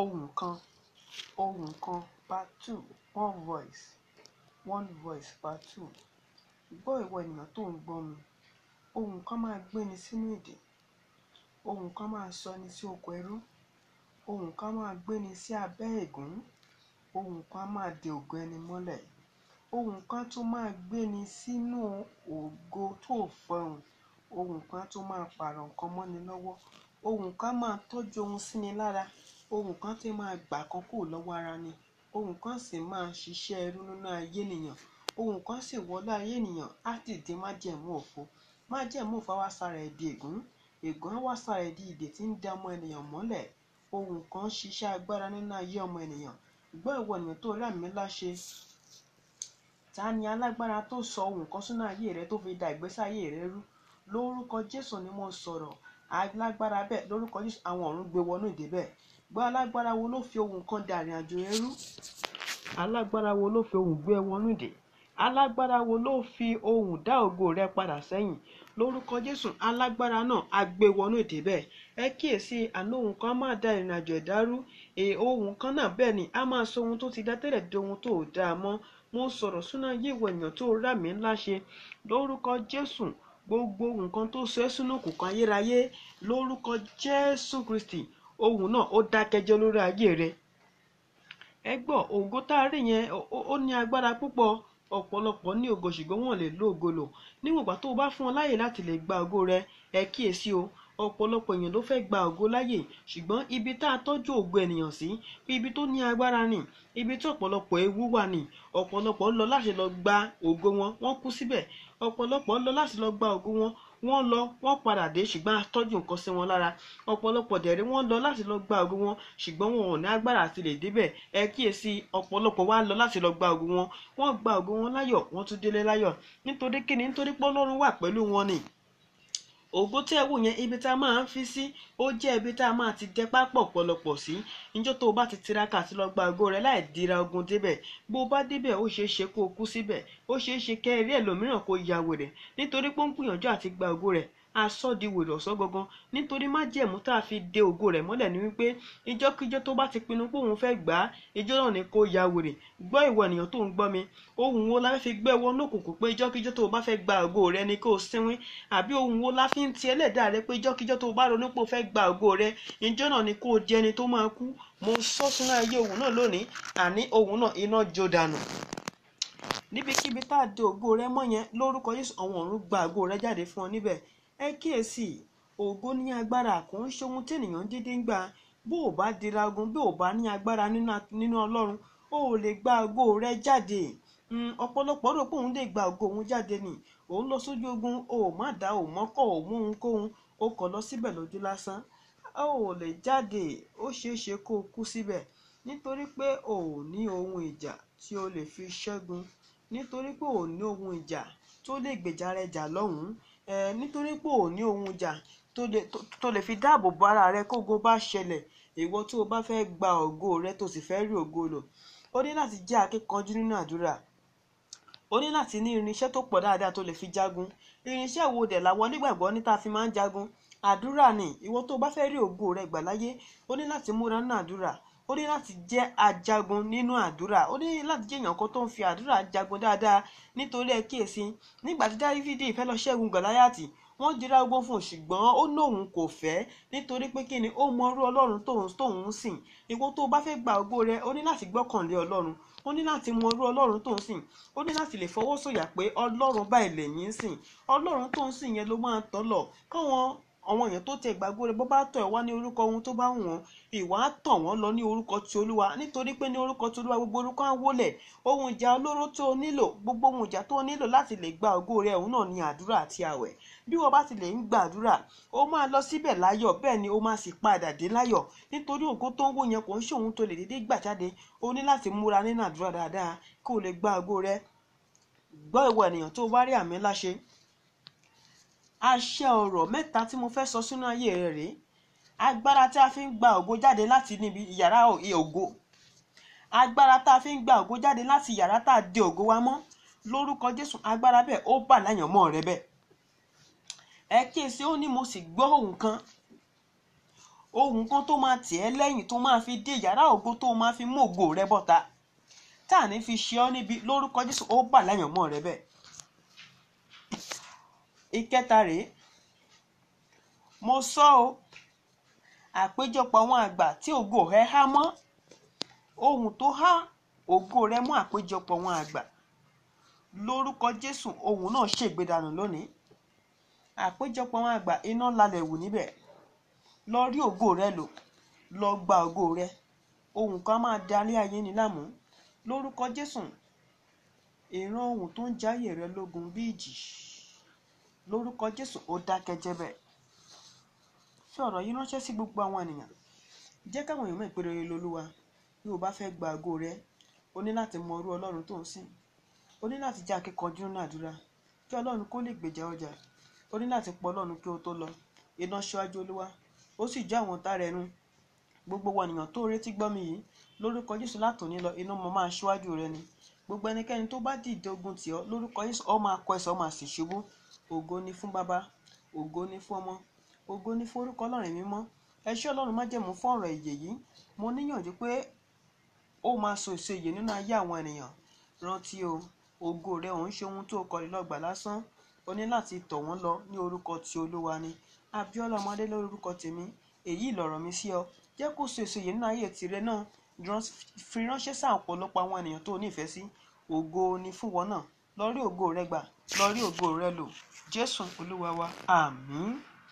ohùn kan ohùn kan part two one voice one voice part two gbọ́ ìwọ ènìyàn tó ń gbọ́ mi ohùn kan máa gbéni sínú ìdè ohùn kan máa sọni sí oko ẹrú ohùn kan máa gbéni sí abẹ́ ègún ohùn kan máa de ògo ẹni mọ́lẹ̀ ohùn kan tún máa gbéni sínú ògo tó fọhùn ohùn kan tún máa pààrọ̀ nǹkan mọ́ni lọ́wọ́ ohùn kan máa tọ́jú ohun síni lára ohun kan ti máa gbà kan kúrò lọ́wọ́ ara ni ohun kan sì máa ṣiṣẹ́ ẹrú nínú ayé ènìyàn ohun kan sì wọlé ayé ènìyàn á sì di májẹ̀mú òfo májẹ̀mú òfo á wá sára ẹ̀ di ègún ègún á wá sára ẹ̀ di ìdè tí ń da ọmọ ènìyàn mọ́lẹ̀ ohun kan ṣiṣẹ́ agbára nínú ayé ọmọ ènìyàn gbọ́ ìwọ ènìyàn tó rà mí láṣẹ ta ni alágbára tó sọ ohun kan sínú ayé rẹ tó fi da ìgbésí ayé rẹ rú lórúkọ Jésù ni mo sọ̀rọ̀ alágbára bẹ́ẹ̀ lórúkọ Jésù àwọn ọ̀run gbé wọnú ìdè bẹ́ẹ̀ gbọ́ alágbára wo ló fi ohun kan da àrìn àjò ẹ rú alágbára wo ló fi ohun gbé ẹ wọnú dè alágbára wo ló fi ohun dá ògo rẹ padà sẹ́yìn lórúkọ jésù alágbára náà á èdè e bẹ́ẹ̀ ẹ kíyèsí àná ohun kan máa da ìrìn àjò ẹ̀dá rú ohun kan náà bẹ́ẹ̀ ni a máa sọ ohun tó ti dá tẹ́lẹ̀ di ohun tó dáa mọ́ mo sọ̀rọ̀ súná yíwọ èèyàn tó rà mí ńlá ṣe lórúkọ jésù gbogbo nǹkan tó sọ ẹ́ sínú òkùnkùn ayérayé lórúkọ jésù kristi ohun náà ó dákẹ́jẹ́ lórí ayé rẹ ẹ gbọ́ ògo tá a rí yẹn ó ní agbára púpọ̀ ọ̀pọ̀lọpọ̀ ní ògo ṣùgbọ́n wọn lè lo ògo lò níwọ̀n ìgbà tó o bá fún ọ láàyè láti lè gba ògo rẹ ẹ kíyèsí o ọ̀pọ̀lọpọ̀ èèyàn ló fẹ́ gba ògo láyè ṣùgbọ́n ibi tá a tọ́jú ògo ènìyàn sí ibi tó ní agbára ni ibi tí ọ̀pọ̀lọpọ̀ ewu wà ni ọ̀pọ̀lọpọ̀ lọ láti lọ gba ògo wọn wọ́n kú síbẹ̀ ọ̀pọ̀lọpọ̀ lọ láti lọ gba ògo wọn wọ́n lọ wọ́n padà dé ṣùgbọ́n a tọ́jú nǹkan sí wọn lára ọ̀pọ̀lọpọ̀ dẹ̀rẹ́ wọ́n lọ láti lọ gba ògo wọn ṣùgbọ́n wọn ò ní agbára àti lè débẹ̀ ẹ kíyèsí ọ̀pọ̀lọpọ̀ wá lọ láti lọ gba ògo wọn wọ́n gba ògo wọn láyọ̀ wọ́n tún délé láyọ̀ nítorí kíni nítorí pé wà pẹ̀lú wọn ni ògó tẹ́ wò yẹn ibi tá a máa ń fi sí ó jẹ́ ibi tá a máa ti dẹ́pá pọ̀ pọ̀lọpọ̀ sí níjọ́ tó o bá ti tiraka àti lọ gba ògo rẹ láì dira ogun débẹ̀ bó o bá débẹ̀ ó ṣeé ṣe kó o kú síbẹ̀ ó ṣeé ṣe kẹ́ ẹ rí ẹlòmíràn kó ya wèrè nítorí pé ó ń gbìyànjú àti gba ògo rẹ̀ asọ́diwèrè ọ̀sọ́ gangan nítorí májẹ̀mú tá a fi de ògo rẹ̀ mọ́lẹ̀ ni wípé ìjọ́kíjọ́ tó bá ti pinnu pé òun fẹ́ gbà á ìjọ́ náà ni kó ya wèrè gbọ́ ìwọ ènìyàn tó ń gbọ́ mi ohun wo la fi gbẹ́ wọnú òkùnkùn pé ìjọ́kíjọ́ tó bá fẹ́ gba ògo rẹ ni kó sinwín àbí ohun wo la fi ń ti ẹlẹ́dàá rẹ pé ìjọ́kíjọ́ tó bá ronú pé fẹ́ gba ògo rẹ ìjọ́ náà ni kó jẹni tó máa kú mo sọ sínú ayé òun náà lónìí àní òun náà iná jó dànù níbikíbi tá a de ògo rẹ mọ́ yẹn lórúkọ Jésù àwọn ọ̀run gba ògo rẹ jáde fún ọ níbẹ̀ ẹ kíyèsí ògo ní agbára kò ń ṣe ohun tí ènìyàn dídí ń gbà bó o bá dira ogun bí o bá ní agbára nínú ọlọ́run o lè gba ògo rẹ jáde hmm, ọ̀pọ̀lọpọ̀ rò pé òun lè gba ògo òun jáde ni òun lọ sójú ogun o ò má dá o mọ́kọ̀ o mú ohunkóhun o kàn lọ síbẹ̀ lójú lásán o ò lè jáde ó ṣeé ṣe kó o kú síbẹ̀ nítorí pé o ò ní ohun ìjà tí o lè fi ṣẹ́gun nítorí pé o ní ohun ìjà tó lè gbèjà rẹ jà lọ́hùn-ún nítorí pé ò ní ohun ìjà tó lè fi dáàbò bo ara rẹ kógo bá ṣẹlẹ̀ ìwọ tó o bá fẹ́ gba ògo rẹ tó sì fẹ́ rí ògo lò ó ní láti jẹ́ akíkanjú nínú àdúrà ó ní láti ní irinṣẹ́ tó pọ̀ dáadáa tó lè fi jagun irinṣẹ́ wo dẹ̀ làwọn onígbàgbọ́ ní tá a fi máa ń jagun àdúrà ni ìwọ tó o bá fẹ́ rí ògo rẹ gbà láyé ó ní láti múra nínú àdúrà ó ní láti jẹ́ ajagun nínú àdúrà ó ní láti jẹ́ èèyàn kan tó ń fi àdúrà jagun dáadáa nítorí ẹ kíyèsí nígbà tí Dáfídì fẹ́ lọ ṣẹ́gun Gòláyátì wọ́n dira ogun fún un ṣùgbọ́n ó lóun kò fẹ́ nítorí pé kí ni ó mọrú ọlọ́run tóun tóun ń sìn ìwọ tó bá fẹ́ gba ògo rẹ ó ní láti gbọ́kànlé ọlọ́run ó ní láti mọrú ọlọ́run tóun sìn ó ní láti lè fọwọ́ sọ̀yà pé ọlọ́run báyìí lèyìn ń sìn ọlọ́run tóun sìn yẹn ló máa tọ́ lọ káwọn àwọn èèyàn tó tẹ ìgbàgbọ́ rẹ bó bá tọ̀ ẹ́ wá ní orúkọ ohun tó bá wù wọ́n ìwà tọ̀ wọ́n lọ ní orúkọ ti olúwa nítorí pé ní orúkọ ti olúwa gbogbo orúkọ á wólẹ̀ ohun ìjà olóró tó o nílò gbogbo ohun ìjà tó o nílò láti lè gba ògo rẹ òun náà ni àdúrà àti àwẹ̀ bí wọ́n bá ti lè ń gbàdúrà o máa lọ síbẹ̀ láyọ̀ bẹ́ẹ̀ ni o máa sì padà dé láyọ̀ nítorí ògo tó ń wò yẹn kò ń ṣe ohun tó lè déédéé gbà jáde o ní láti múra nínú àdúrà dáadáa kó o lè gba ògo rẹ gbọ́ ìwọ ènìyàn tó o rí àmì ńlá àṣẹ ọ̀rọ̀ mẹ́ta tí mo fẹ́ sọ sínú ayé rẹ̀ rèé agbára tí a fi ń gba ògo jáde láti níbi yàrá ògo agbára tá a fi ń gba ògo jáde láti yàrá tá a di ògo wa mọ́ lórúkọ Jésù agbára bẹ́ẹ̀ ó bà láyànmọ́ rẹ bẹ́ẹ̀ ẹ kíyèsí ó ní mo sì gbọ́ ohùn kan ohùn kan tó máa tì ẹ́ lẹ́yìn tó máa fi dé yàrá ògo tó máa fi mú ògo rẹ bọ́ta tá à ní fi ṣe ọ́ níbi lórúkọ Jésù ó bà láyànmọ́ rẹ bẹ́ẹ̀ ìkẹta rèé mo sọ ọ́ àpéjọpọ̀ àwọn àgbà tí ògo rẹ̀ há mọ́ ohun tó há ògo rẹ̀ mọ́ àpéjọpọ̀ àwọn àgbà lórúkọ jésù ohun náà ṣègbédànù lónìí àpéjọpọ̀ àwọn àgbà iná lálẹ́ wù níbẹ̀ lọ rí ògo rẹ lò lọ gba ògo rẹ ohun kan máa darí ayé ni láàmú lórúkọ jésù ìran ohun tó ń jáyè rẹ lógun bí ìjì lórúkọ jésù ó dákẹ́ jẹ́ bẹ́ẹ̀ fi ọ̀rọ̀ yìí ránṣẹ́ sí gbogbo àwọn ènìyàn jẹ́ káwọn èèyàn mọ̀ pé rere lolúwa bí o bá fẹ́ gba àgọ́ rẹ o ní láti mọ orú ọlọ́run tó ń sìn o ní láti jẹ́ akíkanjú nínú àdúrà kí ọlọ́run kó lè gbèjà ọjà o ní láti pọ ọlọ́run kí o tó lọ iná ṣáájú olúwa ó sì já àwọn ọ̀tá rẹ nu gbogbo wa ènìyàn tó retí gbọ́ mi yìí lórúkọ jésù látòní lọ iná mo máa ṣíwájú rẹ ni gbogbo ẹnikẹ́ni tó bá dìde ogun tì ọ́ lórúkọ jésù ó máa kọ ẹsẹ̀ ó máa sì ṣubú ògo ni fún baba ògo ni fún ọmọ ògo ni fún orúkọ ọlọ́run mímọ́ ẹ ṣé ọlọ́run májẹ̀mú fún ọ̀rọ̀ ìyè yìí mo níyànjú pé ó máa so èso ìyè nínú ayé àwọn ènìyàn rántí o ògo rẹ òun ṣe ohun tó kọni lọ́gbà lásán o ní láti tọ̀ wọ́n lọ ní orúkọ ti olúwa ni abiola ọmọdé lórúkọ tèmi èyí lọ̀rọ̀ mi sí ọ jẹ́ kó so èso ìyè nínú ayé tìrẹ náà fi ránṣẹ́ sáà ọ̀pọ̀lọpọ̀ àwọn ènìyàn tó o nífẹ̀ẹ́ sí ògo ni fún wọn náà lọ rí ògo rẹ gbà lọ rí ògo rẹ lò jésù olúwa wa àmín.